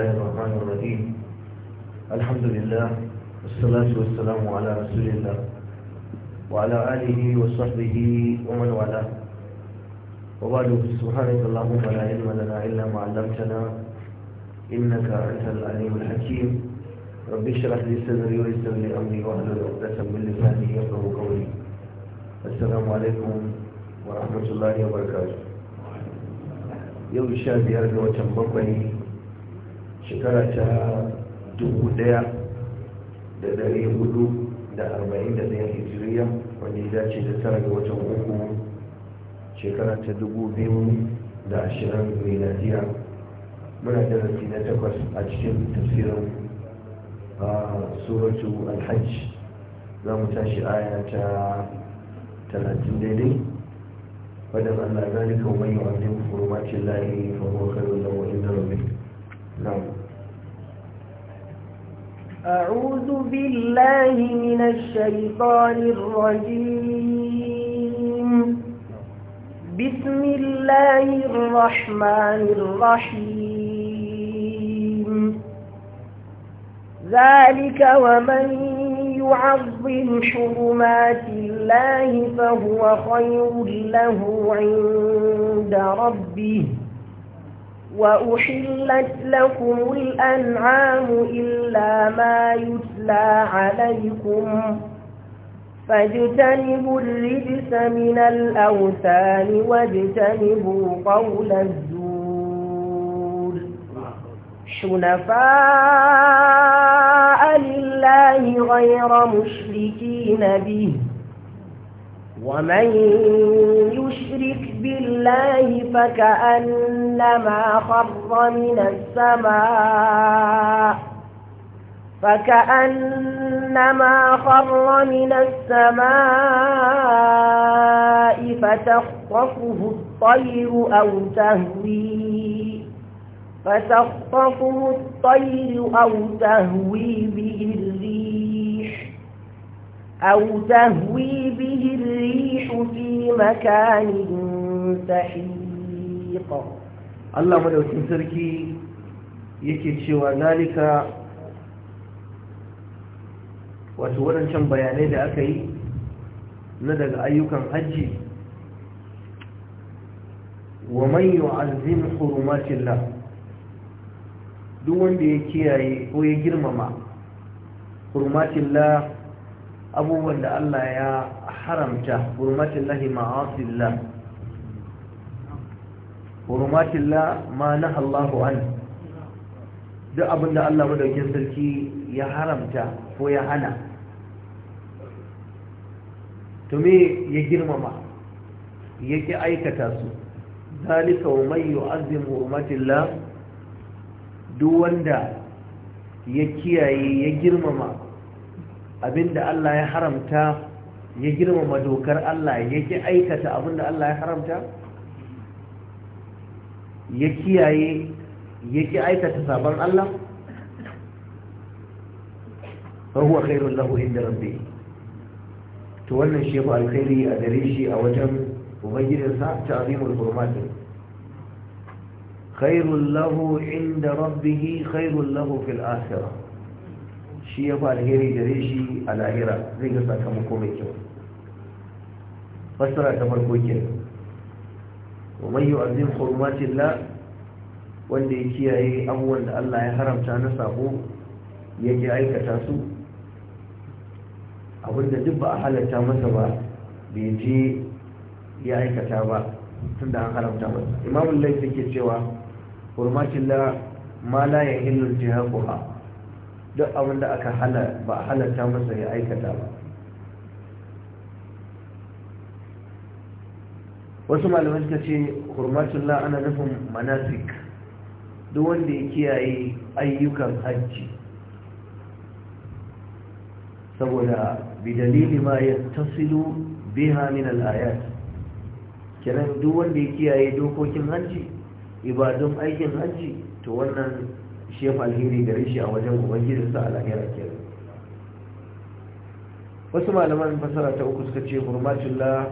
الله الرحمن الرحيم الحمد لله والصلاة والسلام على رسول الله وعلى آله وصحبه ومن والاه وبعد سبحانك اللهم لا علم لنا إلا ما علمتنا إنك أنت العليم الحكيم رب اشرح لي صدري ويسر لي أمري واحلل عقدة من لساني يفقه قولي السلام عليكم ورحمة الله وبركاته يوم الشهر يرجع وتنبقي shekara ta dubu ɗaya da ɗari hudu da arba'in da hijiriya wanda ya dace da tara ga watan uku shekara ta dubu biyu da ashirin miladiya muna darasi na takwas a cikin tafsirin A suratu alhajj za mu tashi aya ta talatin daidai wadanda Allah zalika wa mai yu'azzim hurumatin lahi fa huwa khairun lahu inda rabbih أعوذ بالله من الشيطان الرجيم بسم الله الرحمن الرحيم ذلك ومن يعظم حرمات الله فهو خير له عند ربه وأحلت لكم الأنعام إلا ما يتلى عليكم فاجتنبوا الرجس من الأوثان واجتنبوا قول الزور شنفاء لله غير مشركين به ومن يشرك بالله فكأنما خر من السماء فكأنما خر من السماء فتخطفه الطير أو تهوي فتخطفه الطير أو تهوي به أو تهوي به الريح في مكان سحيق الله مدوكين سركي yake cewa zalika wato waɗancan bayanai da aka yi na daga ayyukan hajji wa man yu'azzim hurumatillah duk wanda ya kiyaye ko ya girmama hurumatillah abubuwan da Allah ya haramta hurmatin lahi ma'asillah hurmatin la ma na Allahu an duk abin da Allah madaukin sarki ya haramta ko ya hana to me ya girmama yake aikata su zalika wa mai yu'azzim la duk wanda ya kiyaye ya girmama abinda Allah ya haramta ya girmama dokar Allah ya ke aikata abinda Allah ya haramta ya kiyaye ya ke aikata sabon Allah fa huwa lahu inda rabbi to wannan shi alkhairi a gare shi a wajen ubangijinsa ta azimul hurmatin khairul lahu inda rabbihi khairul lahu fil akhirah shi ya fi alheri gare shi a lahira zai ga sakamako mai kyau fassara ta farko ke wa mai yi azim la wanda ya kiyaye abubuwan da Allah ya haramta na sabo ya ke aikata su abinda duk ba a halatta masa ba bai je ya aikata ba tun da an haramta masa imamun laifin ke cewa hurmatin la ma la ya hillun jihakuha duk abin da aka hana ba a halatta masa ya aikata ba wasu malamai suka ce hurmatullah ana nufin manasik duk wanda ya kiyaye ayyukan hajji saboda bidalili ma ya tasilu biha min al'ayat kenan duk wanda ya kiyaye dokokin hajji ibadun aikin hajji to wannan shi ya alheri gare shi a wajen ubangijinsa a lahira kenan wasu malaman fasara ta uku suka ce hurmatin la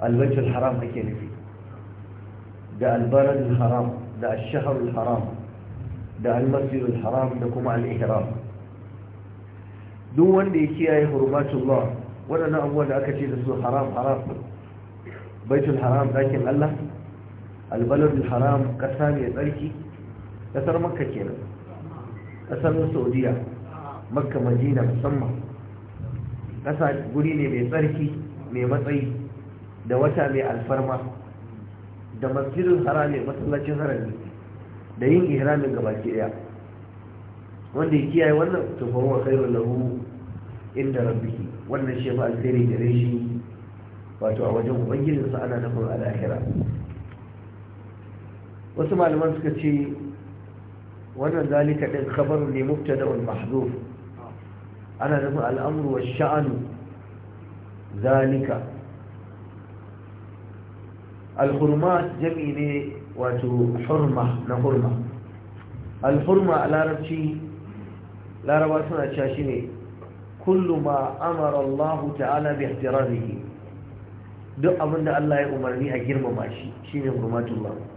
albaitul haram ake nufi da albaran haram da ashaharul haram da almasirul haram da kuma al'ihram duk wanda ya kiyaye hurmatin la waɗannan abubuwan da aka ce da su haram haram baitul haram ɗakin allah albalar haram ƙasa mai tsarki kasar makka kenan kasar saudiya makka madina musamman ƙasa guri ne mai tsarki mai matsayi da wata mai alfarma da masjidin harami masallacin harami da yin ihramin gaba ke daya wanda ya kiyaye wannan to fa huwa lahu inda rabbihi wannan shefa ba alkhairi gare shi wato a wajen ubangijinsa ana nufin al'ahira wasu malaman suka ce wannan zalika din khabaru ne mubtada'un mahdhuf ana nufin al'amru wa sha'anu zalika al-hurmat jami ne wato hurma na hurma al-hurma a larabci laraba suna cewa shine kullu ma amara Allah ta'ala bi ihtiramihi duk abinda Allah ya umarni a girmama shi shine hurmatullah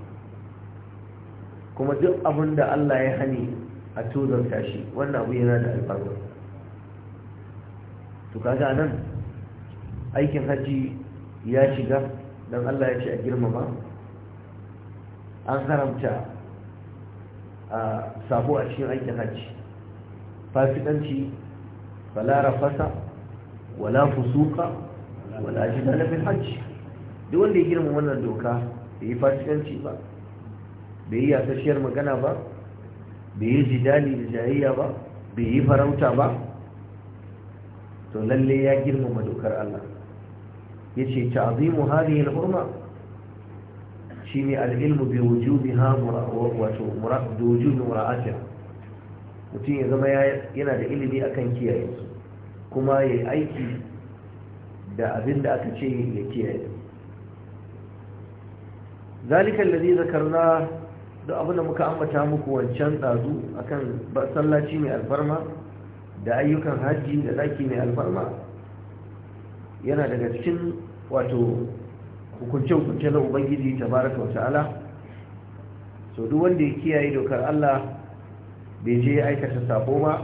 kuma duk abin da Allah ya hani a tozarta tashi wannan abu yana da alfarwa to kaga nan aikin hajji ya shiga don Allah ya ce a girmama an haramta a sabo a cikin aikin hajji fasikanci fala rafasa wala fusuka wala jidala fil hajji duk wanda ya girma wannan doka bai fasikanci ba bai yi yasasshiyar magana ba bai yi jidali da jayayya ba bai yi farauta ba to lalle ya girmama dokar Allah ya ce ta'azimu hali al-hurma al'ilmu bai wuju bi ha wato wuju bi mura'atiha mutum ya zama yana da ilimi akan kiyaye su kuma ya yi aiki da abin da aka ce ya kiyaye ذلك الذي na. da abinda muka ambata muku wancan ɗazu akan sallaci mai alfarma da ayyukan hajji da ɗaki mai alfarma yana daga cikin wato hukunce-hukunce na ubangiji ta baraka wa ta'ala so duk wanda ya kiyaye dokar allah bai je ya aikata sabo ba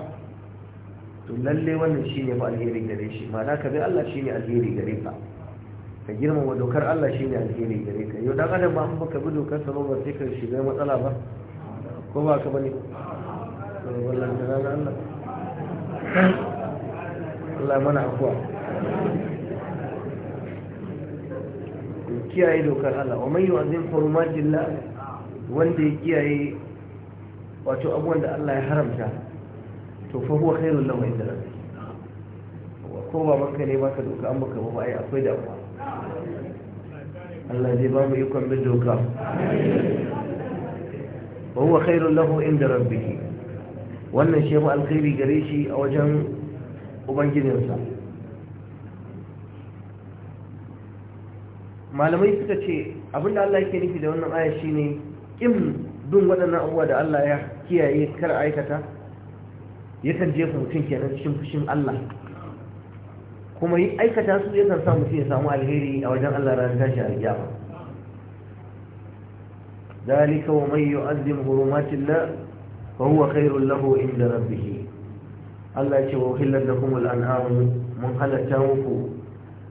to lalle wannan shi ba alheri gare shi ma'ana ka allah shine alheri gare ka ka girmama dokar Allah shi ne alheri gare ka yau dan adam ba an baka bi dokar sa ba sai ka shiga matsala ba ko ba ka bane eh, wallahi da Allah Allah mana afwa kiyaye dokar Allah wa man yu'azzim hurumatillah wanda ya kiyaye wato abubuwan da Allah ya haramta to fa huwa khairul lahu inda rabbih ko ba maka ne baka doka an baka ba ai akwai da damuwa Allah zai ba mu ikon bin doka wa huwa khairun lahu inda rabbih wannan shi mu alkhairi gare shi a wajen ubangijinsa malamai suka ce abinda Allah yake nufi da wannan aya shine kin dun waɗannan abubuwa da Allah ya kiyaye kar aikata yakan jefa mutum kenan cikin fushin Allah kuma yi aikata su yakan sa mutum ya samu alheri a wajen Allah ran tashi alƙiyama dalika wa man yu'azzim hurumatillah fa huwa khairul lahu inda rabbih Allah ya ce wa hillal lakum al-an'am mun halatta muku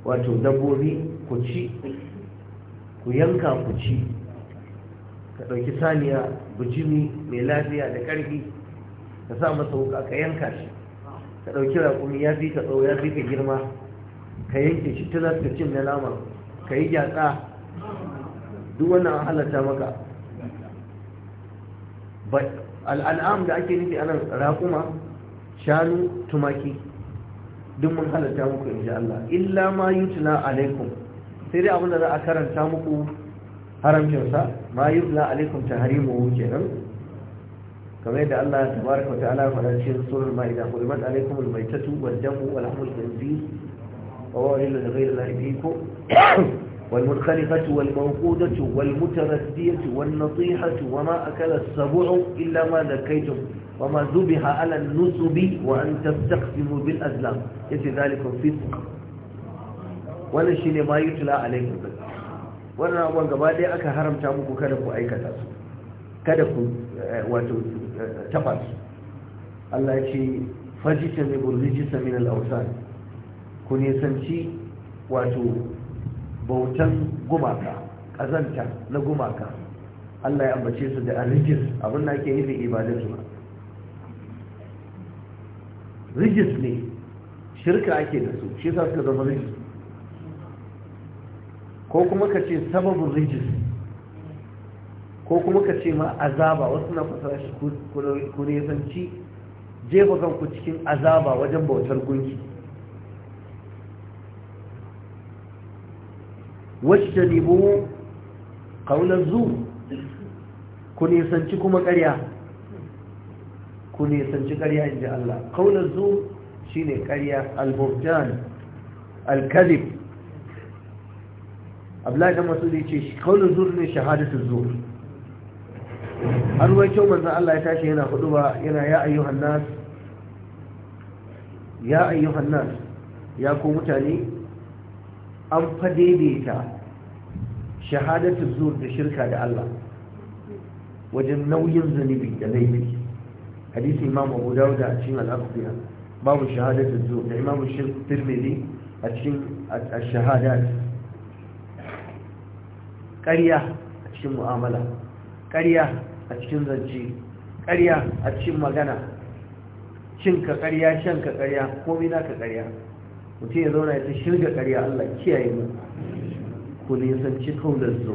wato dabbobi ku ci ku yanka ku ci ka dauki saniya bujimi mai lafiya da karfi ka sa masa wuka ka yanka shi ka ɗauki raƙumi ya fi ka tsawo ya fi ka girma ka yanke shi ta ka cin na lama ka yi gyatsa duk a halatta maka al'am da ake nufi anan raƙuma shanu tumaki duk mun halatta muku in ji Allah illa ma yi tuna alaikum sai dai abinda za a karanta muku haramcinsa ma yi tuna alaikum ta tahrimu kenan كما يدعى الله تبارك وتعالى فلا شيء سورة المائدة alaikum mai الميتة wa ولحم alhamdulillah وهو إلا لغير الله فيكم والمنخلقة والموقودة والمتردية والنطيحة وما أكل السبع إلا ما ذكيتم وما ذبح على النسب وأن تستقسموا بالأزلام يتي ذلك فسق ولا شيء ما يتلى عليكم wannan abuwan gaba ɗaya aka haramta muku kada ku aikata su kada ku wato taɓa su Allah ce fajita mai burrijisa min al'ausar ku nisanci wato bautan gumaka ƙazanta na gumaka Allah ya ambace su da arrijis abin da ake nufi ibadatu rijis ne shirka ake da su shi sa suka zama rijis ko kuma ka ce sababin rijis ko kuma ka ce ma azaba wasu na fasara shi ku nisanci jefa kanku cikin azaba wajen bautar gunki wajtanibu qawla zu ku nisanci kuma ƙarya ku nisanci ƙarya inji Allah qawla zu shine ƙarya al-buhtan al-kadhib Abdullahi dan Masudi yace qawla zu ne shahadatu zu an waito manzo Allah ya tashi yana ba, yana ya ayyuhan nas ya ayyuhan nas ya ku mutane an fa daidaita shahadatu zuwa da shirka da Allah wajen nauyin zunubi da laifi hadisi imam abu dauda a cikin al'afiya babu shahadatu zuwa da imam tirmidhi a cikin shahadat ƙarya a cikin mu'amala ƙarya a cikin zance ƙarya a cikin magana cinka ƙarya shanka ƙarya komai ka ƙarya mutum ya zauna ya ta shirga ƙarya Allah kiyaye mu ku nisanci kaunar zo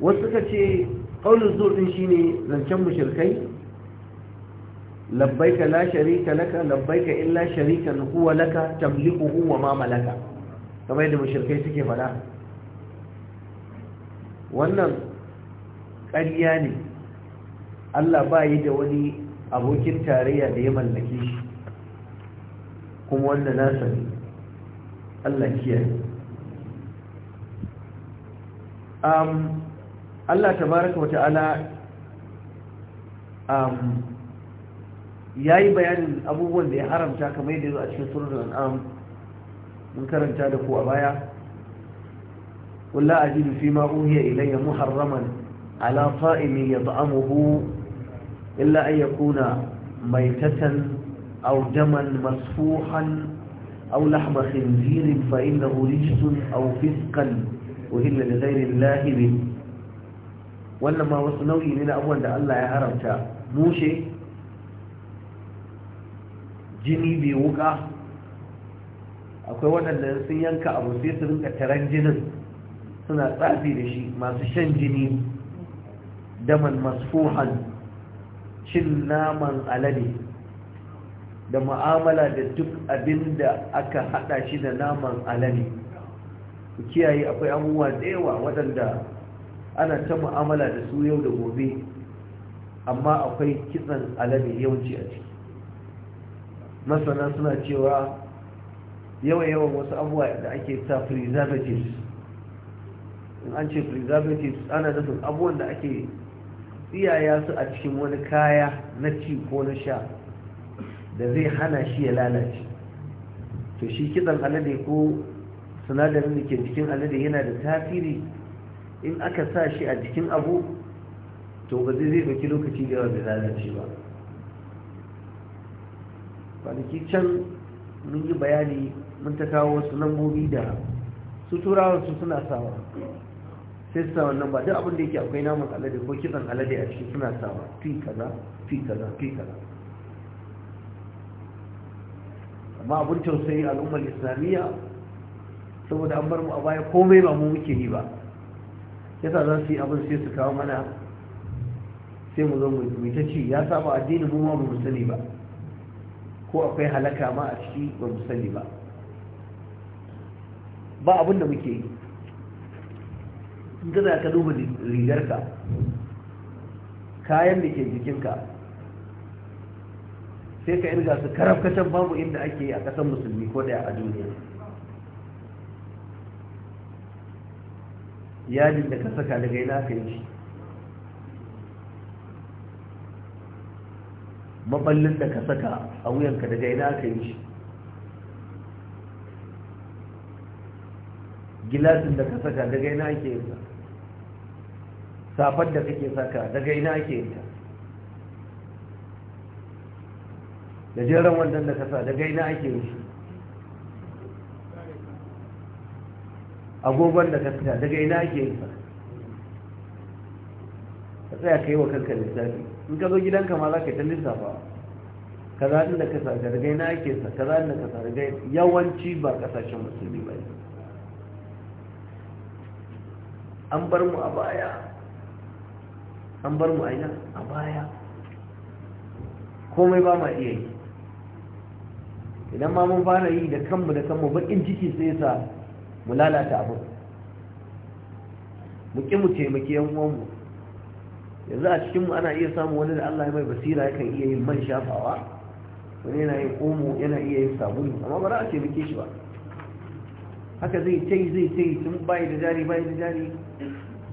wasu suka ce kaunar zo din ne zancen mushrikai labbaika la sharika laka labbaika illa sharikan huwa laka tamliku wa ma malaka kamar yadda mushrikai suke faɗa wannan ƙarya ne Allah ba yi da wani abokin tarayya da ya mallake shi kuma wanda na ne Allah kiyaye um Allah tabaraka wa ta'ala um yayi bayanin abubuwan da ya haramta kamar yadda a cikin suratul an'am mun karanta da ku a baya qul la ajidu fi ma uhiya ilayya muharraman ala ta'imin yat'amuhu illa an yakuna maitatan aw daman masfuhan aw lahma khinzirin fa innahu rijsun aw fisqan uhilla li ghayri Allah bi wannan ma wasu nau'i ne na abubuwan da Allah ya haramta mushe jini bai wuka akwai waɗanda sun yanka abu sai su rinka jinin suna tsafi da shi masu shan jini daman masfuhan cin naman alade da ma'amala da duk abinda aka hada shi da naman alade ku kiyaye akwai abubuwa da yawa waɗanda ana ta ma'amala da su yau da gobe amma akwai kitsan alade yawanci a ciki masana suna cewa yawa-yawan wasu abubuwa da ake ta preservatives in an ce preservatives ana nufin abubuwan da ake iyaya su a cikin wani kaya na ci ko na sha da zai hana shi ya lalace to shi kitsan alade ko sinadarin da ke cikin alade yana da tasiri in aka sa shi a jikin abu to ba zai zai baki lokaci da yawa da lalace ba kwanaki can mun yi bayani mun ta kawo wasu lambobi da su turawa su suna sawa sai su sa wannan ba duk abin da yake akwai naman alade ko kitsan alade a ciki suna sawa fi kaza fi kaza fi kaza amma abin tausayi al'ummar islamiyya saboda an bar mu a baya komai ba mu muke yi ba yasa za su yi abin sai su kawo mana sai mu zo mu ta ci ya saba addini mu ma mu sani ba ko akwai halaka ma a ciki ba mu sani ba ba abin da muke yi in ka za ka duba rigarka kayan da ke jikinka sai ka irga su karafkacin babu inda ake a kasan musulmi ko daya a duniya yajin da ka saka daga ina ka yi shi maballin da ka saka a wuyanka daga ina ka yi shi gilasin da ka saka daga ina ake yi. safar da kake saka daga ina ake yin ta da jeran wannan da kasa daga ina ake yin shi agogon da kasa daga ina ake yin sa ka tsaya ka yi wa kanka lissafi in ka zo gidanka ma za ka yi ta lissafa kaza din da kasa daga ina ake sa kaza din da kasa daga yawanci ba kasashen musulmi ba ne an bar mu a baya an bar mu aina a baya komai ba ma iya yi idan ma mun fara yi da kanmu da kanmu bakin ciki sai sa mu lalata abu mu ki mu taimaki yan uwanmu yanzu a cikinmu ana iya samun wani da Allah ya mai basira yakan iya yin man shafawa wani yana yin omo yana iya yin sabulu amma ba za a taimake shi ba haka zai yi zai yi tun bai da jari bai da jari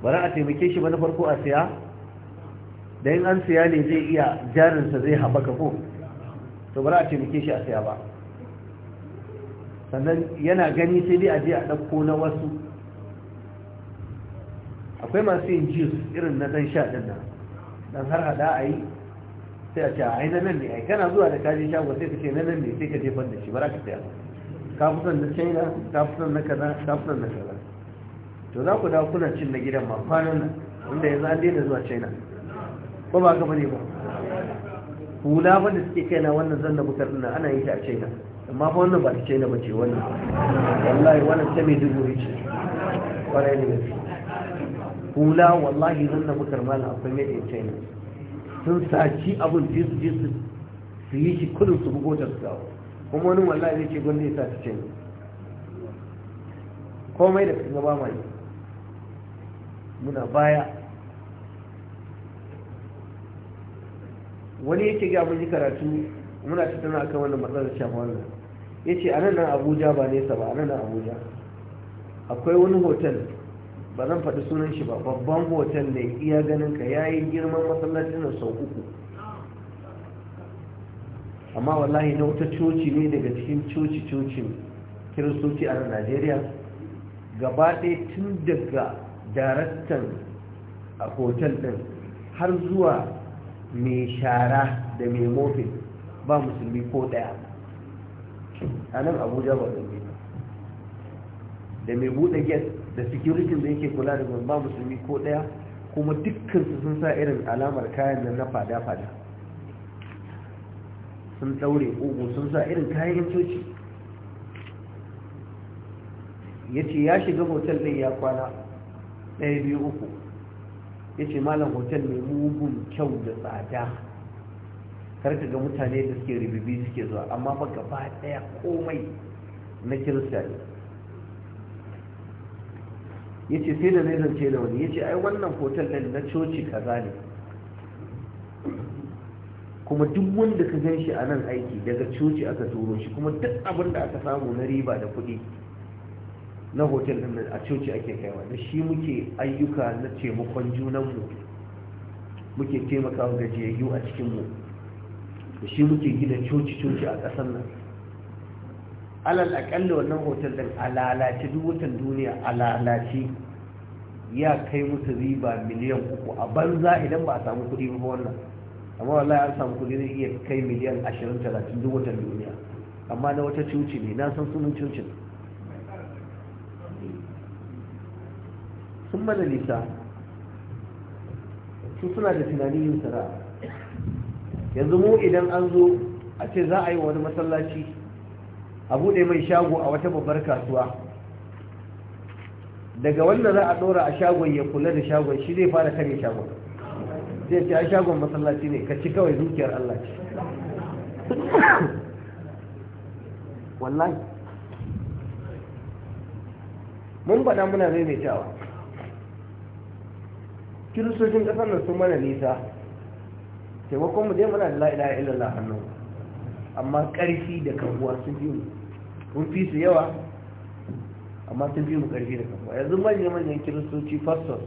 ba za a taimake shi ba na farko a siya da yin an siya ne zai iya jarinsa zai haɓaka ko to ba za a ce muke shi a siya ba sannan yana gani sai dai a je a ɗauko na wasu akwai masu yin jus irin na ɗan sha ɗin nan don har hada a yi sai a ce a aina nan ne ai kana zuwa da kaji shago sai ka ce na nan ne sai ka jefan da shi ba za ka siya ba kafusan na china kafusan na kaza kafusan na kaza to za ku dawo kuna cin na gidan ma kwanan nan wanda yanzu an daina zuwa china ko ba ka bane ba hula ba da suke kaina wannan zan da bukar dina ana yi ta a china amma fa wannan ba ta china ba ce wannan wallahi wannan ta mai dubu ce kwarai ne gaske hula wallahi zan da bukar mala akwai mai in china sun saci abin jisu jisu su yi shi kudin su bugo ta su kawo kuma wani wallahi zai ce gwamnati sa ta china komai da kan gaba mai muna baya wani yake ga mun karatu muna tattauna akan wannan matsalar shafa wannan ya a nan nan Abuja ba nesa ba a nan Abuja akwai wani hotel ba zan faɗi sunan shi ba babban hotel ne iya ganin ka yi girman masallacin da sau uku amma wallahi na wata coci ne daga cikin coci-cocin kiristoci a najeriya gaba ɗaya tun daga daraktan a hotel ɗin har zuwa mai shara da mai mofin ba musulmi ko daya a nan abuja ba da da mai buɗe get da sikiritin da yake kula da ba musulmi ko daya kuma dukkansu sun sa irin alamar kayan nan na fada-fada sun daure ugu sun sa irin kayan coci ya ce ya shiga hotel ɗin ya kwana ɗaya biyu uku ya ce malam hotel mai mugun kyau da tsada karka ga mutane da suke ribibi suke zuwa amma ba gaba daya komai na kirista ne ya ce sai da zai zance da wani ya ce ai wannan hotel ɗin na coci kaza ne kuma duk wanda ka gan shi a nan aiki daga coci aka turo shi kuma duk abinda aka samu na riba da kuɗi na hotel din a coci ake kaiwa da shi muke ayyuka na taimakon junanmu muke taimaka ga gajiyayyu a cikinmu da shi muke gina coci-coci a ƙasar nan alal aƙalla wannan hotel din a lalace duk watan duniya a lalace ya kai musu riba miliyan uku a banza idan ba a samu kuɗi ba wannan amma wallahi an samu kuɗi zai iya kai miliyan ashirin talatin duk watan duniya amma na wata coci ne na san sunan cocin sun mana nisa su suna da tunanin yin sara yanzu mu idan an zo a ce za a yi wani masallaci a buɗe mai shago a wata babbar kasuwa daga wanda za a ɗora a shagon ya kula da shagon shi zai fara kare shagon zai ce a shagon masallaci ne ka ci kawai dukiyar Allah ce wallahi mun faɗa muna cewa kiristocin ƙasar nan sun mana nisa taimakon mu dai muna da la'ila illallah hannu amma ƙarfi da kanguwa sun fi mu kun fi su yawa amma sun fi mu ƙarfi da kanguwa yanzu manyan manyan kiristoci fastos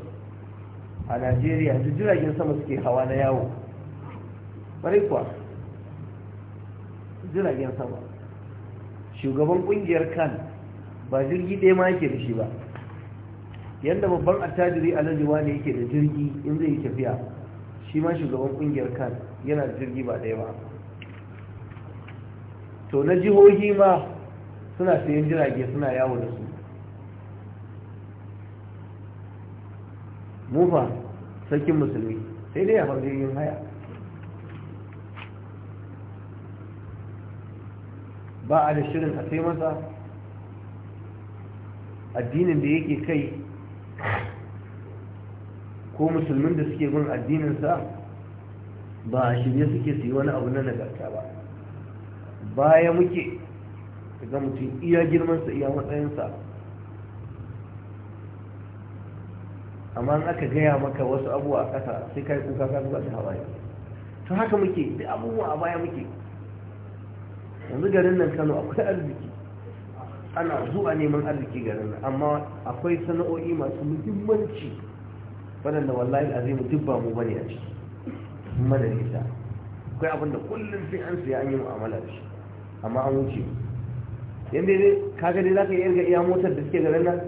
a najeriya su jiragen sama suke hawa na yawo bari jiragen sama shugaban kungiyar kan ba jirgi ɗaya ma yake da shi ba yadda babban attajiri a alhaji ne yake da jirgi in zai yi tafiya shi ma shugaban kungiyar kan yana da jirgi ba ɗaya ba to na jihohi ma suna sayan jirage suna yawo da su mufa sarkin musulmi sai dai a jirgin haya ba a da shirin a sai masa addinin da yake kai ko musulmin da suke bin addininsa ba a shirye suke su yi wani abu na nagarta ba baya muke ga mutum iya girmansa iya matsayinsa amma aka gaya maka wasu abubuwa a ƙasa sai kai kuka ka zuwa ta hawaye to haka muke da abubuwa a baya muke yanzu garin nan kano akwai arziki ana zuwa neman arziki garin nan amma akwai sana'o'i masu muhimmanci waɗanda wallahi azimu duk ba mu bane a ciki madarisa nisa akwai abin da kullum sai an siya an yi mu'amala da shi amma an wuce yadda dai kaga dai za ka iya irga iya motar da suke garin nan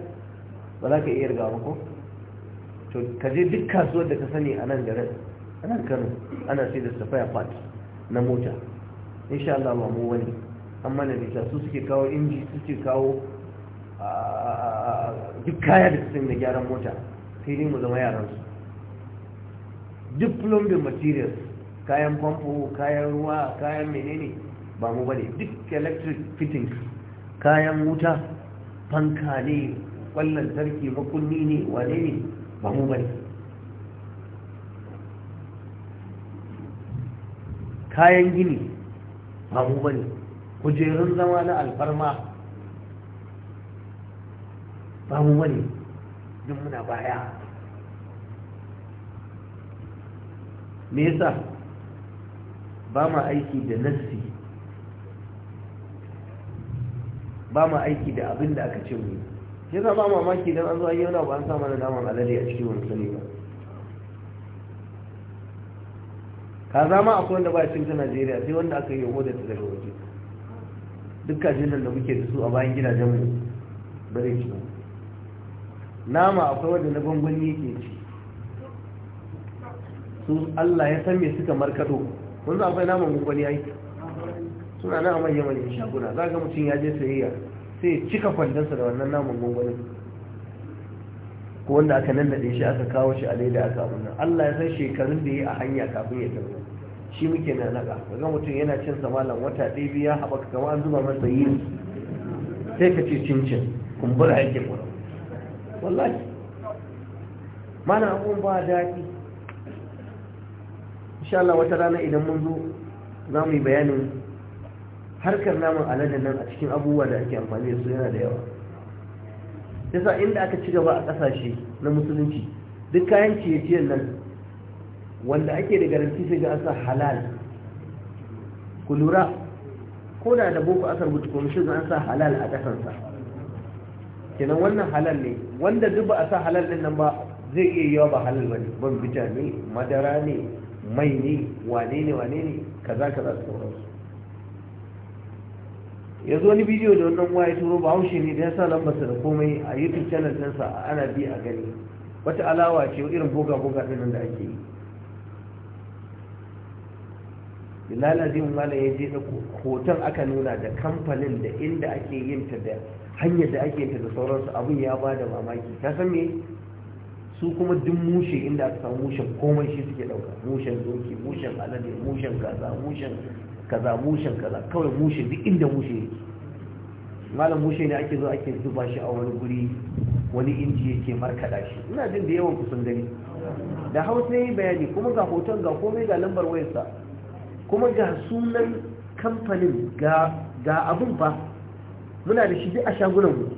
ba za ka iya yarga ba ko to ka je duk kasuwar da ka sani a nan garin a nan kano ana sai da safaya part na mota insha Allah ba mu wani an mana nisa su suke kawo inji suke kawo duk kaya da sun da gyaran mota sai dai mu zama yaransu duk plumbing materials kayan famfo kayan ruwa kayan menene ba mu bane duk electric fittings kayan wuta fanka ne kwallon tarki makunni ne wane ne ba mu bane kayan gini ba mu bane kujerun zama na alfarma ba mu wani duk muna baya me yasa ba ma aiki da nassi ba ma aiki da abin da aka ce mu za ba mamaki don an zo ayyana ba an sa mana naman alade a cikin wani sani ba ka zama akwai wanda ba cin ta najeriya sai wanda aka yi da ta daga wajen duk da muke da su a bayan gidajen mu bare ci nama akwai wanda na gwangwani yake ci su Allah ya san me suka markado wanzu akwai naman gwangwani yi suna na a manyan shaguna za ga mutum ya je sayayya sai ya cika kwandonsa da wannan naman gwangwani ko wanda aka nan da shi aka kawo shi a daidai aka Allah ya san shekarun da ya yi a hanya kafin ya tarbo shi muke na naga kaga mutum yana cin sa malam wata ɗaya biya haɓaka kama an zuba masa yi sai ka ce cincin kumbura yake kuma wallahi mana abun ba daɗi insha Allah wata rana idan mun zo za mu yi bayanin harkar naman aladen nan a cikin abubuwa da ake amfani da su yana da yawa yasa inda aka ci gaba a ƙasashe na musulunci duk kayan ciye-ciyen nan wanda ake da garanti sai ga asa halal ku lura ko da da boko aka rubuta kuma shi an sa halal a sa kenan wannan halal ne wanda duk ba a sa halal din nan ba zai iya yawa ba halal bane ban bita ne madara ne mai ne wane ne wane ne kaza kaza sauransu yanzu wani bidiyo da wannan waye turo ba haushe ne da ya sa lambarsa da komai a youtube channel ɗinsa ana bi a gani wata alawa ce irin boga boga ɗin da ake yi lalazin mana ya je hoton aka nuna da kamfanin da inda ake yin ta da hanyar da ake ta da sauransu abin ya ba da mamaki ta san me su kuma duk mushe inda aka samu mushen komai shi suke dauka mushen doki mushen alade mushen kaza mushen kaza mushen kaza kawai mushe duk inda mushe yake malam mushe ne ake zo ake zuba shi a wani guri wani inji yake markada shi ina jin da yawan kusan gani da hausa yi bayani kuma ga hoton ga komai ga lambar wayarsa kuma ga sunan kamfanin ga abin fa muna da shi a mu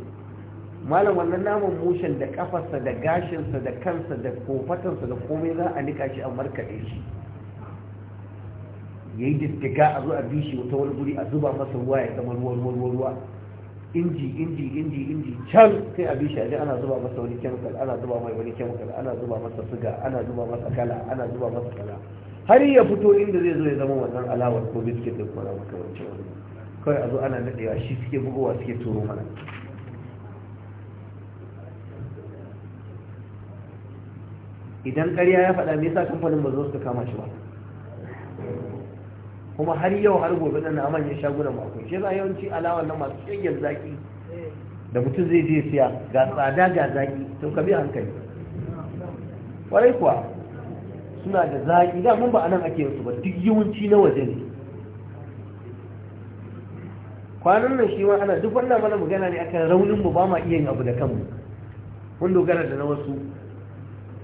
malam wannan naman mushen da kafarsa da gashinsa da kansa da kofatansa da komai za a nika shi a markaɗe shi ya yi diddika a zo a bi shi wata wani guri a zuba masa ruwa ya zama ruwa ruwa ruwa inji inji inji inji can sai a bi shi a ana zuba masa wani chemical ana zuba mai wani chemical ana zuba masa suga ana zuba masa kala ana zuba masa kala har ya fito inda zai zo ya zama wannan alawar ko biskit da kuma makarance wani kawai a zo ana nadewa shi suke bugowa suke turo mana idan karya ya faɗa me yasa kamfanin ba zo su kama shi ba kuma har yau har gobe ɗan na manyan shagunan makon shi za yawanci alawar nan masu ƙyayyar zaki da mutum zai je siya ga tsada ga zaki to ka bi hankali kwarai kuwa suna da zaƙi da mun ba anan ake yansu ba duk yawanci na waje ne kwanan nan shi ana duk wannan mana magana ne akan raunin mu ba ma iya yin abu da kanmu mun dogara da na wasu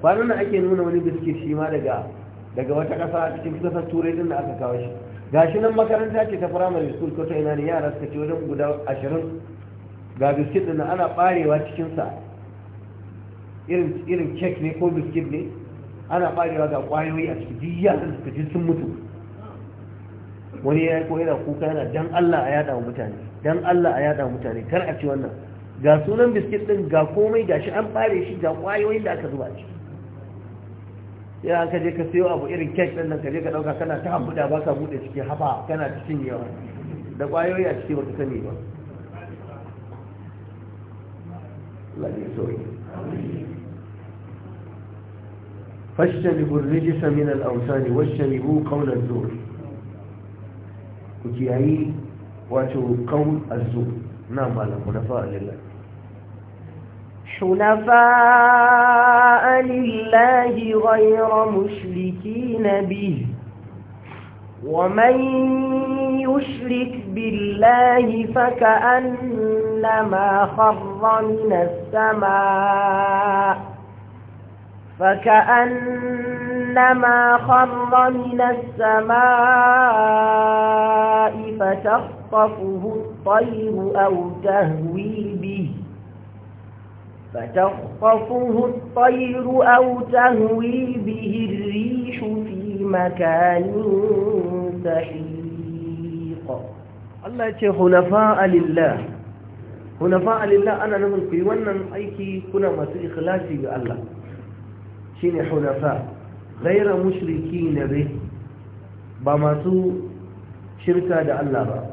kwanan nan ake nuna wani biskit shi ma daga daga wata ƙasa cikin ƙasar turai din da aka kawo shi gashi nan makaranta ce ta firamare school ko ta ina ne yara suka ce wajen guda ashirin ga biskit din ana barewa cikinsa irin irin kek ne ko biskit ne ana farewa ga kwayoyi a cikin jiya a suka ji sun mutu wani ya ko yana kuka yana dan Allah a yada wa mutane dan Allah a yada wa mutane kar a ci wannan ga sunan biskit din ga komai gashi an fare shi ga kwayoyin da aka zuba shi ya aka je ka sayo abu irin cake din nan ka je ka ɗauka kana ta hambuda ba ka bude ciki haba kana ta cinyewa da ƙwayoyi a ciki ba ka sani ba. Allah amin فاجتنبوا الرجس من الأوثان واجتنبوا قول الزور كتيعي واتوا قول الزور نعم على حنفاء لله حنفاء لله غير مشركين به ومن يشرك بالله فكأنما خر من السماء فكأنما خر من السماء فتخطفه الطير أو تهوي به فتخطفه الطير أو تهوي به الريح في مكان سحيق الله يتي حنفاء لله حنفاء لله أنا نمن في ونن أيكي كنا مسيخ لا شيء الله shine hunafa ghayra mushrikina bih ba masu shirka da Allah ba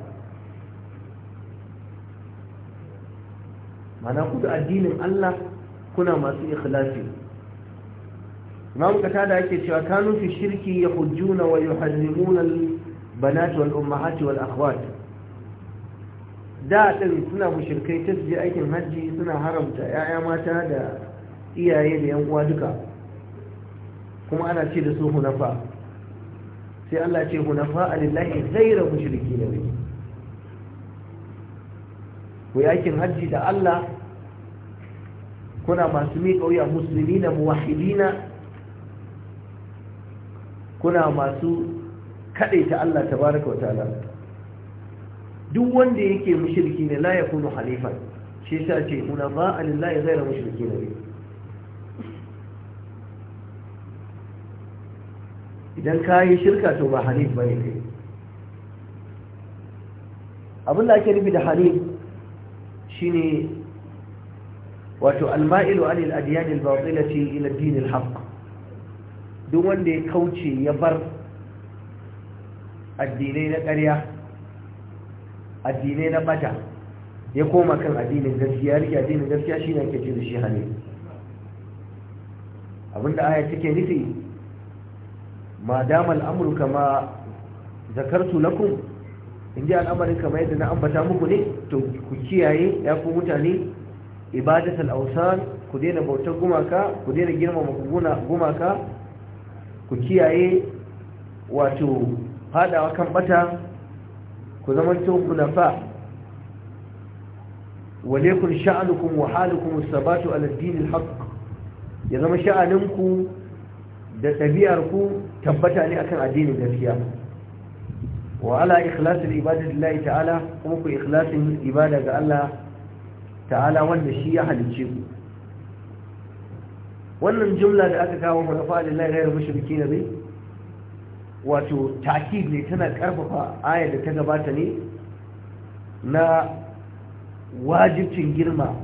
mana ku da addinin Allah kuna masu ikhlasi imam da yake cewa kanu fi shirki yahujjuna wa yuharrimuna banat wal ummahat wal akhwat da din suna mushrikai tasbi aikin haji suna haramta yaya mata da iyaye da yan uwa duka kuma ana ce da su hunafa sai Allah ce hunafa a lillahi zaira mushriki da wani ku yakin hajji da Allah kuna masu miƙa wuya musulmi na muwahidina kuna masu kaɗaita Allah tabaraka wa ta'ala duk wanda yake mushriki ne la kunu halifan shi yasa ce hunafa a lillahi zaira mushriki da wani idan ka yi shirka to ba halif ba ne kai abin da ake nufi da halif shine wato alma'ilu anil adiyan al-batilati ila din al duk wanda ya kauce ya bar addinai na ƙarya addinai na bata ya koma kan addinin gaskiya rike addinin gaskiya shine ake ce da shi halif abinda aya take nufi ma dama al'amuru kama zakartu lakum in ji al'amarin kamar yadda na ambata muku ne to ku kiyaye ya ku mutane ibadat al'ausan ku daina bautar gumaka ku daina girmama gumaka ku kiyaye wato haɗawa kan bata ku zamanto kunafa walekun sha'anukum wa halukum as-sabatu ala ad-din ya zama sha'aninku da ɗabi'arku tabbata ne akan addinin gaskiya wa ala ikhlasil ibadati lillahi ta'ala kuma ku ikhlasin ibada ga Allah ta'ala wanda shi ya halice ku wannan jumla da aka kawo hulafa lillahi ghayr mushrikin bi wato ta'kid ne tana karfafa ayar da ta gabata ne na wajibcin girma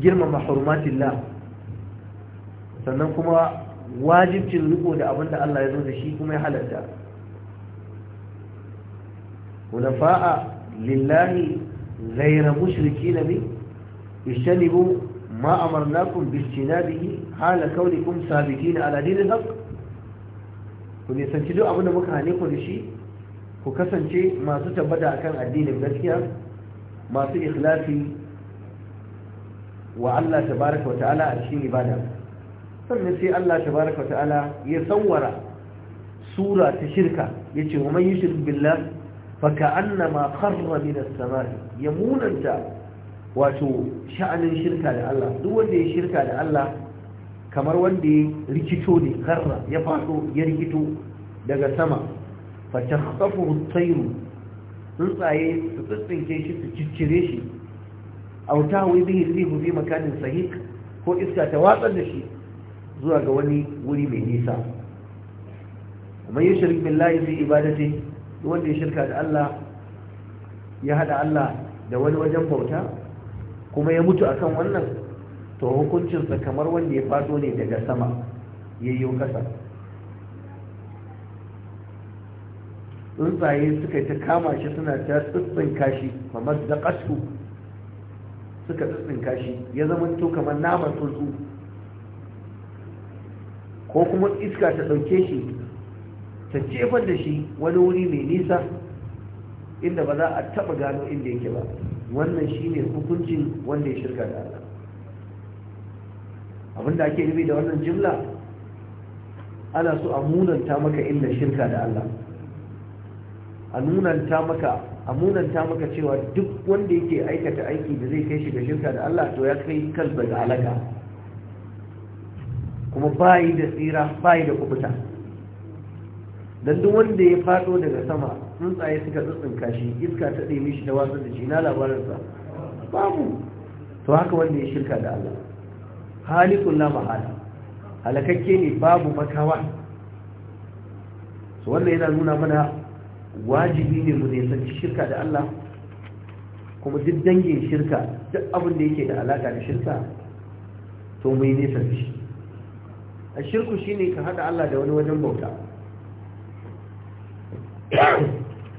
girma mahurmatillah sannan kuma wajibcin riko da abin Allah ya zo da shi kuma ya halatta hunafa'a lillahi ghayra mushrikin bi ishtanibu ma amarnakum bi istinabihi hala kaunikum sabiqin ala dinil haqq ku nisanci duk abin muka hane ku da shi ku kasance masu tabbata akan addinin gaskiya masu ikhlasi wa Allah tabaraka wa ta'ala a cikin ibada sannan sai Allah tabaraka ta'ala ya sawwara sura ta shirka yace wa man yushrik billah fa ka'annama kharra min as Ya yamunanta wato sha'anin shirka da Allah duk wanda ya shirka da Allah kamar wanda ya rikito ne karra ya fado ya rikito daga sama fa takhsafuhu at-tayru tsuntsaye su tsintsinke shi su ciccire shi autahu bihi rihu fi makanin sahi ko iska ta watsar da shi zuwa ga wani wuri mai nisa amma yi shirk ibada fi ibadati wanda ya shirka da Allah ya hada Allah da wani wajen bauta kuma ya mutu akan wannan to hukuncinsa kamar wanda ya fado ne daga sama yayyo kasa tsuntsaye suka ta kama shi suna ta tsitsin kashi kamar da suka tsitsin kashi ya zama to kamar naman tsuntsu ko kuma iska ta ɗauke shi ta jefar da shi wani wuri mai nisa inda ba za a taɓa gano inda yake ba wannan shi ne hukuncin wanda ya shirka da Allah abinda ake nufi da wannan jimla ana so a munanta maka inda shirka da Allah a nunanta maka a munanta maka cewa duk wanda yake aikata aiki da zai kai shi ga shirka da Allah to ya kai kalbar halaka kuma bayi da tsira bayi da kubuta dan duk wanda ya fado daga sama tsuntsaye suka tsuntsunka shi iska ta ɗaya mishi da wasu da shi na sa babu to haka wanda ya shirka da Allah halikun la mahala halakakke ne babu makawa to wannan yana nuna mana wajibi ne mu ne shirka da Allah kuma duk dangin shirka duk abin da yake da alaka da shirka to mu yi nesa da shi a shirku ne ka haɗa Allah da wani wajen bauta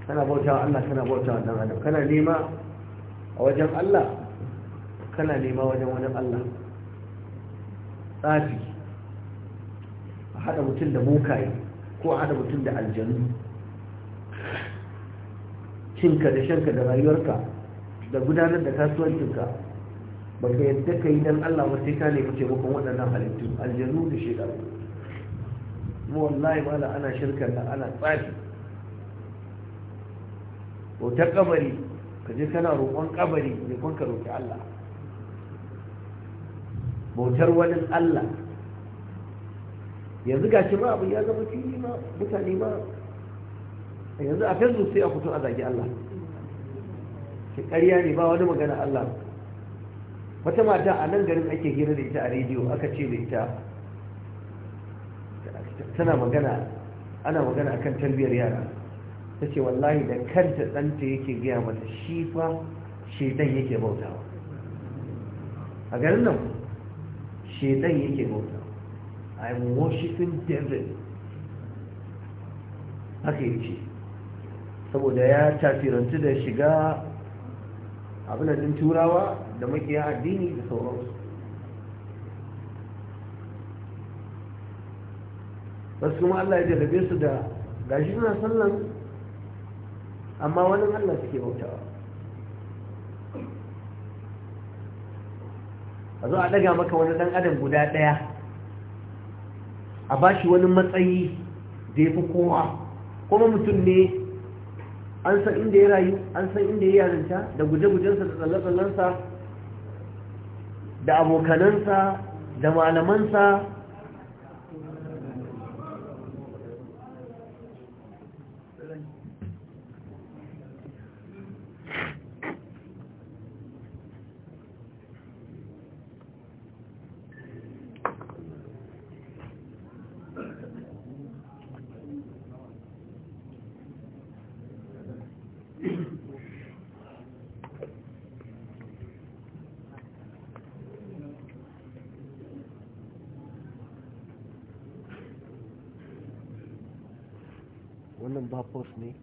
kana bauta wa Allah kana bauta wa ɗan’adam kana nema a wajen Allah kana nema wajen wani Allah tsafi a haɗa mutum da mukaye ko a haɗa mutum da aljanu cinka da shanka da rayuwarka da gudanar da kasuwancinka ba yadda ka yi don Allah ba sai ka nemi taimakon waɗannan halittu aljanu da shekaru mu wallahi ma ana shirkar da ana tsafi bautar kabari ka je kana roƙon kabari ne kun ka roƙi Allah bautar wani Allah yanzu ga shi ma abu ya zama fili ma mutane ma yanzu a facebook sai a fito a zagi Allah ki ƙarya ne ba wani magana Allah wata mata a nan garin ake hira da ita a rediyo aka ce da ita tana magana ana magana akan talbiyar yara ta ce wallahi da kanta ɗanta yake gaya mata shi fa shedan yake bautawa a garin nan shedan yake bautawa i'm worshiping devil haka ce. saboda ya tafirantu da shiga abin da turawa da makiya addini da sauransu wasu kuma Allah ya jarrabe su da gashi suna sallan amma wani Allah suke bautawa a zo a daga maka wani dan adam guda daya a bashi wani matsayi da ya fi kowa kuma mutum ne an san inda ya rayu an san inda ya yarinta da guje-gujensa da tsalle-tsallensa da abokanansa da malamansa me